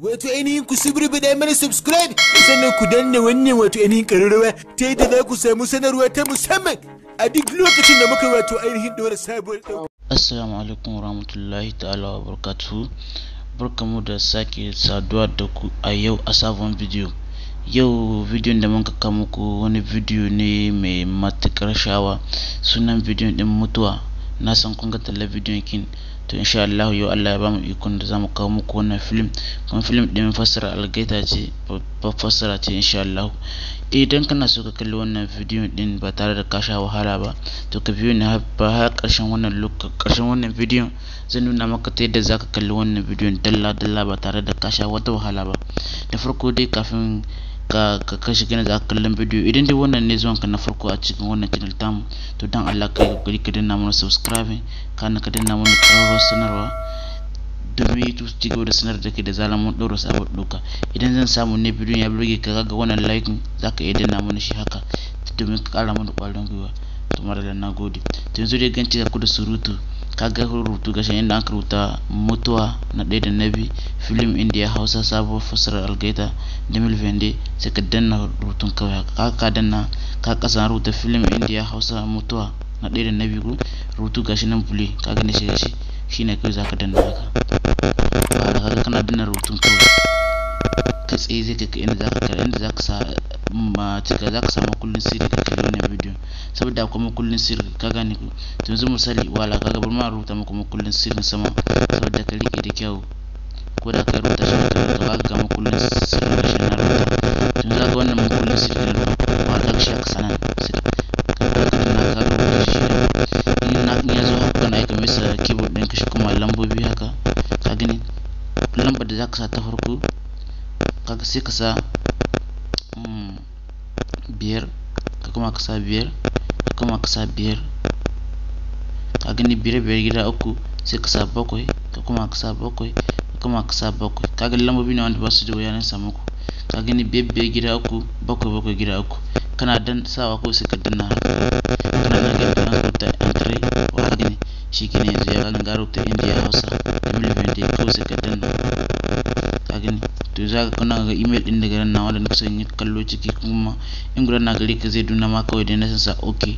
wato ainihin ku subribi mana subscribe sannan ku danna wannan wato ainihin kararrawa ta yadda za ku samu sanarwa ta musamman a duk lokacin da muka wato ainihin ɗora sabuwar Assalamu alaikum warahmatullahi ta'ala wa barkatu barkamu da sake saduwa da ku a yau a sabon bidiyo yau bidiyon da muka kaka muku wani bidiyo ne mai matuƙar shawa sunan bidiyon din mutuwa na san kun ga talabijin kin to insha Allah yau Allah ya bamu ikon da zamu kawo muku wannan film kuma film din fassara algaita ce fassara ce insha Allah eh, idan kana so ka kalli wannan bidiyo din ba tare da ka sha wahala ba to ka biyo ni ba har karshen wannan karshen wannan bidiyon zan nuna maka ta yadda zaka kalli wannan bidiyon dalla dalla ba tare da ka sha wata wahala ba da farko dai kafin ka ka kashe kana za aka kallon bidiyo idan dai wannan ne ka na farko a cikin wannan channel tamu to dan Allah ka yi kokari ka danna mana subscribe na ka danna mana ƙararrawar sanarwa domin YouTube ci gaba da sanar da kai da zalan mun ɗora sabon doka idan zan samu ne bidiyo ya burge ka ga wannan like za ka iya danna mana shi haka domin ka kara mana ƙwarin gwiwa to madalla na gode to yanzu dai gan ci ku da surutu kaga rubutu gashi inda an rubuta mutuwa na ɗaya da na biyu film indiya hausa sabuwar fasarar algaita demil vende sai ka danna rubutun kawai ka ka danna ka kasa rubuta film indiya hausa mutuwa na ɗaya da na biyu rubutu gashi nan bule ka gane shi gashi ne kawai zaka danna haka ba da kaga kana danna rubutun kawai ka tsaye zai kai inda zaka inda zaka sa ma cika zaka samu kullum sai ka kira wannan bidiyon saboda akwai makullin sirri ka gane ku to yanzu misali wala ka ga ma rubuta muku makullin sirrin sama saboda ka rike da kyau ko da ka rubuta shi ka rubuta ka ga makullin sirrin shi na rubuta to yanzu ga wannan makullin sirrin na rubuta ba ka shi aka sanar sai ka na ka rubuta shi in na in zo haka na aika masa keyboard din ka shi kuma lambobi haka ka gani lambar da zaka sa ta farko kaga sai ka sa mm, biyar ka kuma ka sa biyar kama kasa biyar ka gani biyar biyar gida uku sai kasa bakwai ka kuma kasa bakwai ka kuma kasa bakwai ka gani lambobi ne wanda ba su da wuya na samu ku ka gani biyar biyar gida uku bakwai bakwai gida uku kana dan sawa ko sai ka danna kana dan ga kana rubuta entry wa gani shi ne yanzu ya gani ga rubuta indiya hausa email bin da ko sai ka danna ka gani to za ka kana ga email din daga nan wanda nake son yi kallo ciki kuma in gudan na gari ka zai duna ma kawai da na san sa okay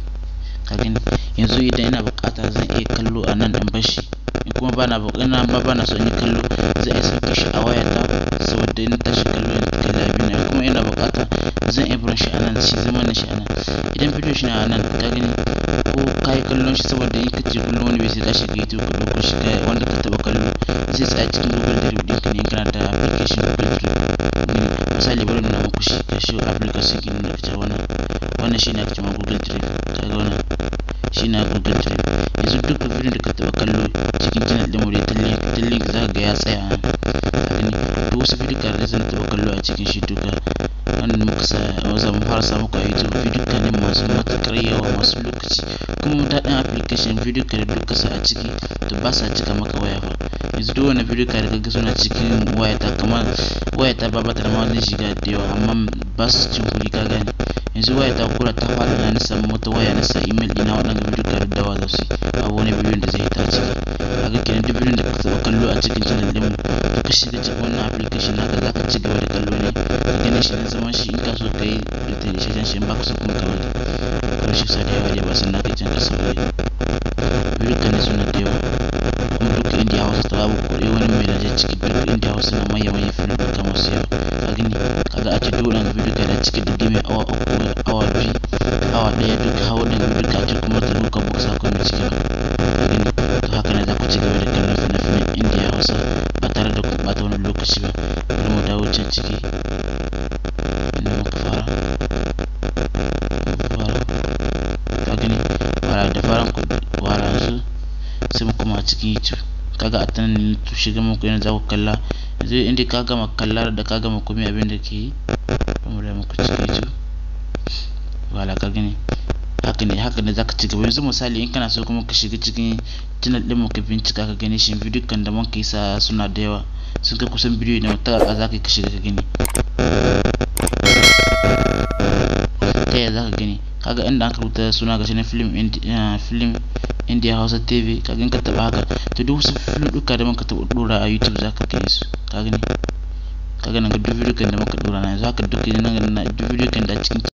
ka gani yanzu idan ina bukata zan iya kallo a nan in barshi in kuma bana ina ma bana son yin kallo zan iya sauke shi a wayata saboda in tashi kallo in kalli abin nan kuma ina bukata zan iya barin shi a nan shi zama na shi a nan idan bidiyo shi na a nan ka gani ko ka yi kallon shi saboda in ka ce kullum wani bai sai ka shiga youtube ka ɗauko shi wanda ka taɓa kallo zai tsaya cikin google drive ɗinka ne kana da application google drive misali bari na muku shi ka shi application kin da fitar wannan wannan ne ake cewa google drive ta ga wannan ne google drive yanzu duk abin da ka taba kallo cikin channel din mu da tallink za ka ga ya tsaya a to wasu bidiyon da zan taba kallo a cikin shi duka wannan muka sa waza mu fara samu ku a youtube bidiyon ne masu matakar yawa masu lokaci kuma daɗin application bidiyon ka da duka sa a ciki to ba sa cika maka waya ba yanzu duk wani bidiyo da kaga suna cikin wayata kamar wayata ba ba ta da ma wani shiga da yawa amma ba su cin kuɗi ka gane yanzu waya ta kura ta fara na samu wata waya na sa email dina waɗanda bidiyo tare da wa zasu a wani bidiyon da zai ta ciki a ga kenan duk bidiyon da ka taɓa kallo a cikin channel din mu ka shiga cikin wannan application naka za ka ci gaba da kallo ne ka gane shi na zaman shi in ka so ka yi da shi in ba ka so kuma ka bari karshe sa da yawa ba sannan kai can ka samu ne bidiyon ne suna da yawa kuma duk indiya hausa ta babu kuɗi wani mai laje ciki duk indiya hausa na manya-manyan filin da kamar yawa ake ɗora ma bidiyo kenan ciki da game awa uku awa awa duk da ake kuma da duka muka kuma ciki ba to haka ne za ku ci gaba da kallon fina-finan indiya hausa ba tare da ku ɓata wani lokaci ba kuma mu dawo can ciki inda muka fara fara ka gani fara da faran ku fara su sai mu koma cikin kaga a tanan ne to shiga muku za ku kalla je inda ka gama kallar da ka gama komai abin da ke yi mu da muku cikin ji wala ka gani haka ne haka ne zaka ci gaba yanzu misali in kana so kuma ka shiga cikin channel din mu ka bincika ka gani shi bidiyon kan da mun kai sa suna da yawa sun kai kusan bidiyo ne ta a zaka ka shiga ka gani ta yaya ka gani kaga inda aka rubuta suna ga shi na film eh, film indiya hausa tv ka gani ka taba haka to duk wasu duka da muka taba dora a youtube za ka gani su ka gani ka gani ga duk bidiyo da muka dora na yanzu haka duk na gani duk bidiyo da cikin